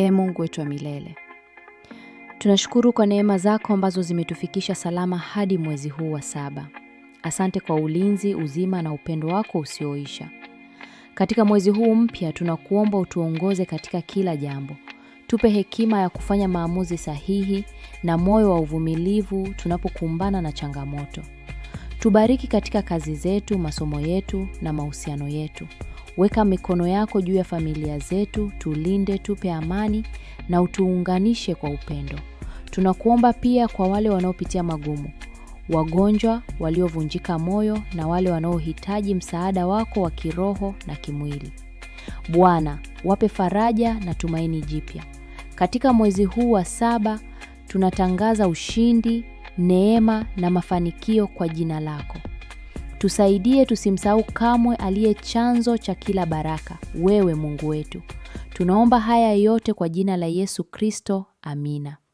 e Mungu wetu wa milele, tunashukuru kwa neema zako ambazo zimetufikisha salama hadi mwezi huu wa saba. Asante kwa ulinzi, uzima na upendo wako usioisha. Katika mwezi huu mpya, tunakuomba utuongoze katika kila jambo. Tupe hekima ya kufanya maamuzi sahihi na moyo wa uvumilivu tunapokumbana na changamoto. Tubariki katika kazi zetu, masomo yetu na mahusiano yetu. Weka mikono yako juu ya familia zetu, tulinde, tupe amani na utuunganishe kwa upendo. Tunakuomba pia kwa wale wanaopitia magumu, wagonjwa, waliovunjika moyo na wale wanaohitaji msaada wako wa kiroho na kimwili. Bwana, wape faraja na tumaini jipya. Katika mwezi huu wa saba tunatangaza ushindi, neema na mafanikio kwa jina lako. Tusaidie tusimsahau kamwe aliye chanzo cha kila baraka, wewe Mungu wetu. Tunaomba haya yote kwa jina la Yesu Kristo. Amina.